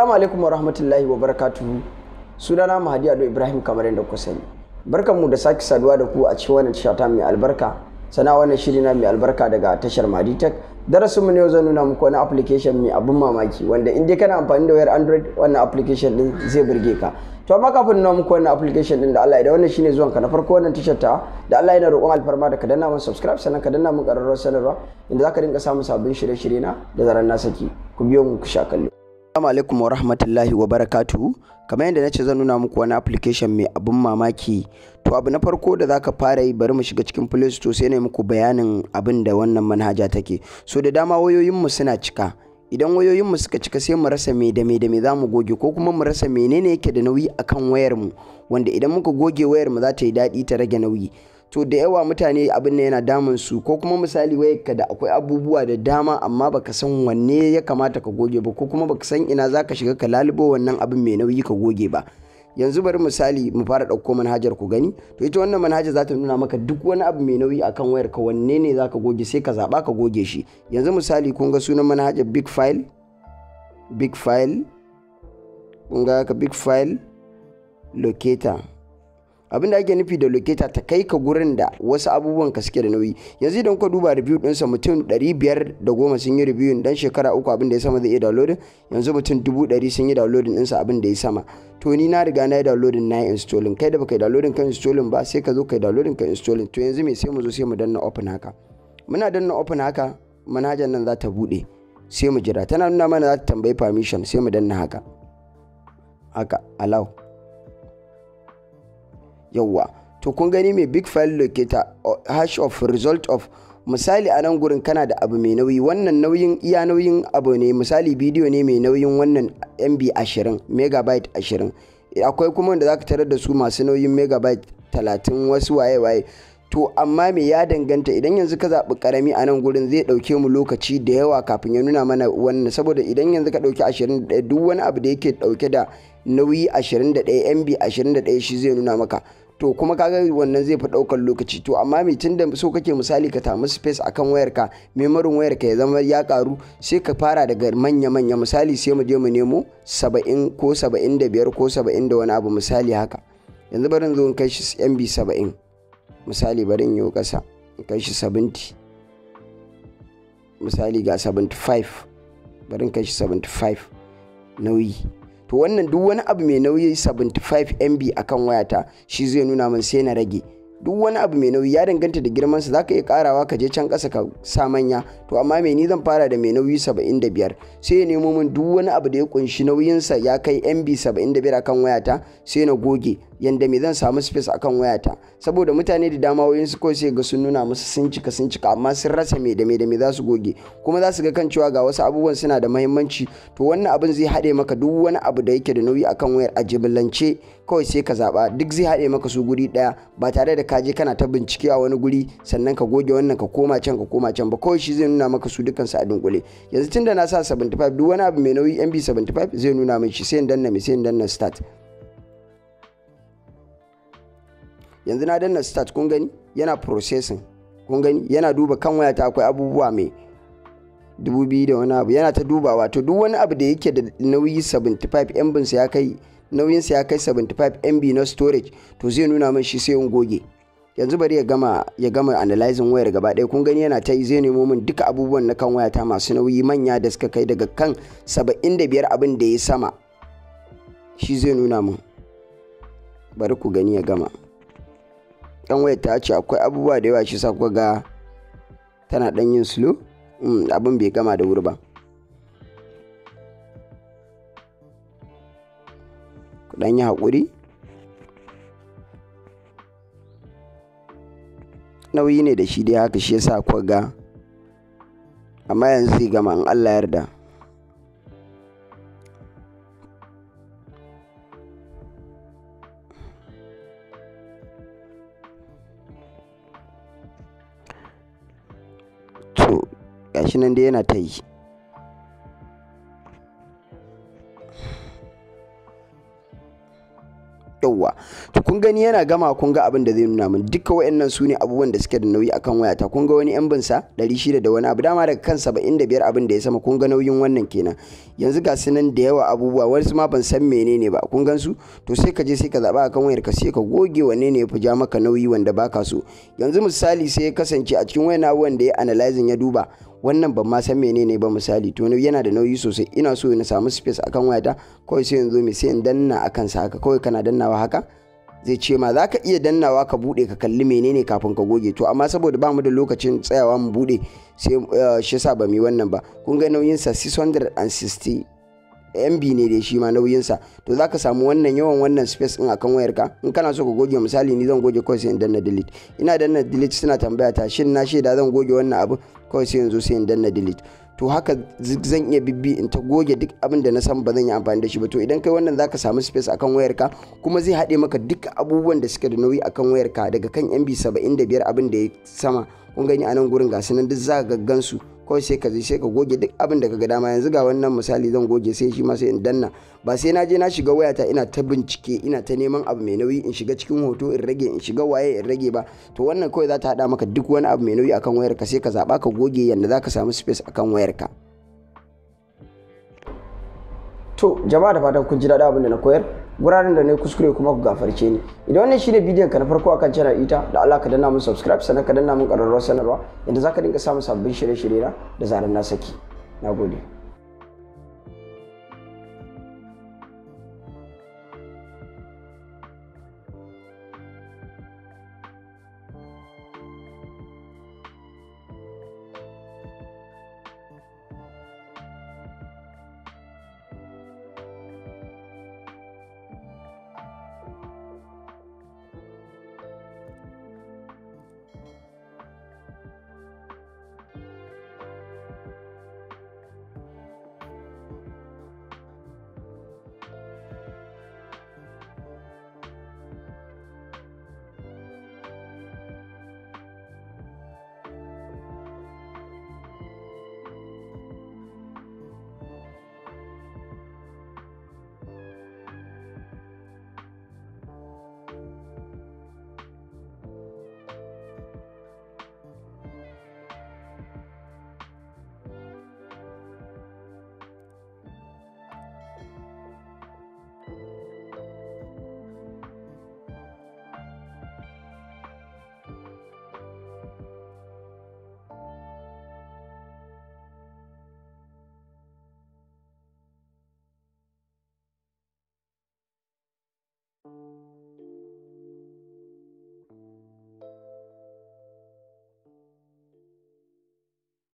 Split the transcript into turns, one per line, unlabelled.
Assalamu alaikum wa rahmatullahi wa barakatuhu. Sunana Mahadi Ado Ibrahim kamar yadda ku sani. mu da sake saduwa da ku a cikin wannan shata mai albarka. Sana wannan shiri na mai albarka daga tashar Mahadi Tech. Darasin mu ne zan nuna muku wani application mai abin mamaki wanda in dai kana amfani da wayar Android wannan application din zai burge ka. To amma kafin nuna muku wannan application din da Allah ya da wannan shine ka na farko wannan tashar ta da Allah na roƙon alfarma da ka danna mun subscribe sannan ka danna mun ƙararrawar sanarwa inda zaka rinka samun sabbin shirye-shirye na da zaran na saki. Ku biyo mu ku sha kallo. Assalamu alaikum wa rahmatullahi wa barakatu kamar yadda nace zan nuna muku wani application mai abun mamaki to abu na farko da zaka fara yi bari mu shiga cikin Play Store sai ne muku bayanin abin da wannan manhaja take so da dama wayoyin mu suna cika idan wayoyin mu suka cika sai mu rasa mai da me da me zamu goge ko kuma mu rasa menene yake da nauyi akan wayar mu wanda idan muka goge wayar mu za ta yi daɗi ta rage nauyi to da yawa mutane abin ne yana damun su ko kuma misali wayarka da akwai abubuwa da dama amma baka san wanne ya kamata ka goge ba ko kuma baka san ina za ka shiga ka lalubo wannan abin mai nauyi ka goge ba yanzu bari misali mu fara ɗauko manhajar ku gani to ita wannan manhajar za ta nuna maka duk wani abu mai nauyi akan wayar ka wanne ne za ka goge sai ka zaɓa ka goge shi yanzu misali kun ga sunan manhajar big file big file kun ga ka big file locator abinda ake nufi da locator ta kai ka gurin da wasu abubuwan ka suke da nauyi yanzu idan ka duba review dinsa mutum 510 sun yi review dan shekara uku abinda ya sama zai iya downloading yanzu mutum 100 sun yi downloading dinsa abinda ya sama to ni na riga na yi downloading na yi installing kai da baka yi downloading kan installing ba sai ka zo ka yi downloading ka installing to yanzu me sai mu zo sai mu danna open haka muna danna open haka manhajar nan za ta bude sai mu jira tana nuna mana za ta tambayi permission sai mu danna haka haka allow yauwa to kun gani mai big file locator oh, hash of result of misali a nan gurin kana da abu mai nauyi wannan nauyin iya nauyin abu ne misali bidiyo ne mai nauyin wannan mb 20 megabyte 20 akwai kuma wanda zaka tarar da su masu nauyin megabyte 30 wasu waye waye to amma me ya danganta idan yanzu ka zaɓi karami a nan gurin zai ɗauke mu lokaci da yawa kafin ya nuna mana wannan saboda idan yanzu ka ɗauki 21 duk wani abu da yake ɗauke da nauyi 21 mb 21 shi zai nuna maka to kuma kaga wannan zai fi ɗaukar lokaci to amma mai tun da so kake misali ka tamu space akan wayarka memorin wayarka ya zama ya karu sai ka fara daga manya-manya misali sai mu je mu nemo 70 ko 75 ko 70 da wani abu misali haka yanzu bari zo in kai shi mb 70 misali bari in yi kasa in kai shi 70 misali ga 75 bari in kai shi 75 nauyi to wannan duk wani abu mai nauyi 75 mb akan wayata shi zai nuna min sai na rage duk wani abu mai nauyi ya danganta da girman sa zaka iya karawa ka je can kasa ka sa manya to amma mai ni zan fara da mai nauyi 75 sai ya nemo min duk wani abu da ya kunshi nauyin sa ya kai MB 75 akan wayata sai na goge yanda me zan samu space akan wayata saboda mutane da dama wayoyin su kawai sai ga sun nuna musu sun cika sun cika amma sun rasa me da me da me za su goge kuma za su ga kan cewa ga wasu abubuwan suna da mahimmanci to wannan abin zai haɗe maka duk wani abu da yake da nauyi akan wayar a jibilance kawai sai ka zaɓa duk zai haɗe maka su guri ɗaya ba tare da ka je kana ta bincike a wani guri sannan ka goge wannan ka koma can ka koma can ba kawai shi zai nuna maka su su a dunkule yanzu tunda na sa 75 duk wani abu mai nauyi mb 75 zai nuna min shi sai in danna mai sai in danna start yanzu na danna start kun gani yana processing kun gani yana duba kan wayata akwai abubuwa mai dubu biyu da wani abu yana ta dubawa to duk wani abu da yake da nauyi 75 mb sa ya kai nauyin sa ya kai 75 mb na storage to zai nuna min shi sai in goge yanzu bari ya gama ya gama analyzing wayar gaba ɗaya kun gani yana ta yi zai nemo min duka abubuwan na kan wayata masu nauyi manya da suka kai daga kan 75 abin da ya sama shi zai nuna min bari ku gani ya gama yan wayar ta ce akwai abubuwa da yawa shi sa kuka ga tana dan yin slow hmm, abin bai gama da wuri ba ku dan yi haƙuri nauyi ne da shi dai haka shi yasa kuka ga amma yanzu zai gama in Allah yarda gashi nan dai yana ta yi yauwa to kun gani yana gama kun ga abin da zai nuna min duka wayannan su ne abubuwan da suke da nauyi akan wayata kun ga wani yan binsa 600 da wani abu dama daga kan 75 abin da ya sama kun ga nauyin wannan kenan yanzu ga sunan da yawa abubuwa wasu ma ban san menene ba kun gan su to sai ka je sai ka zaba akan wayar ka sai ka goge wanne ne ya fi ja maka nauyi wanda baka so yanzu misali sai ya kasance a cikin wayan abubuwan da ya analyzing ya duba wannan ban ma san menene ba misali to yana da nauyi sosai ina so na samu space akan wayata kawai sai yanzu mai sai in danna akan sa haka kawai kana dannawa haka zai ce ma za ka iya dannawa ka bude ka kalli menene kafin ka goge to amma saboda ba mu da lokacin tsayawa mu bude sai eh, shi sa ba mu yi wannan ba kun ga nauyin sa 660 mb ne da shi ma nauyinsa to zaka samu wannan yawan wannan space din akan wayarka in kana so ka goge misali ni zan goge kawai sai in danna delete ina danna delete suna tambaya ta shin na shaida zan goge wannan abu kawai sai yanzu sai in danna delete to haka zan iya bibbi in ta goge duk abin da na san ba zan yi amfani da shi ba to idan kai wannan zaka samu space akan wayarka kuma zai hade maka duk abubuwan da suke da nauyi akan wayarka daga kan mb 75 abin da ya sama kun gani a nan gurin ga nan duk za ka gansu kawai sai ka je sai ka goge duk abin da ga dama yanzu ga wannan misali zan goge sai shi ma sai in danna ba sai na je na shiga wayata ina ta bincike ina ta neman abu mai nauyi in shiga cikin hoto in rage in shiga waye in rage ba to wannan kawai za ta hada maka duk wani abu mai nauyi akan wayarka sai ka zaba ka goge yanda za ka samu space akan wayarka to jama'a da fatan kun ji daɗin abin da na koyar guraren da na kuskure kuma ku gafarce ni idan wannan shine bidiyon ka na farko akan channel ita da Allah ka danna mun subscribe sannan ka danna mun ƙararrawar sanarwa yanda zaka dinga samun sabbin shirye-shirye na da zaran na saki nagode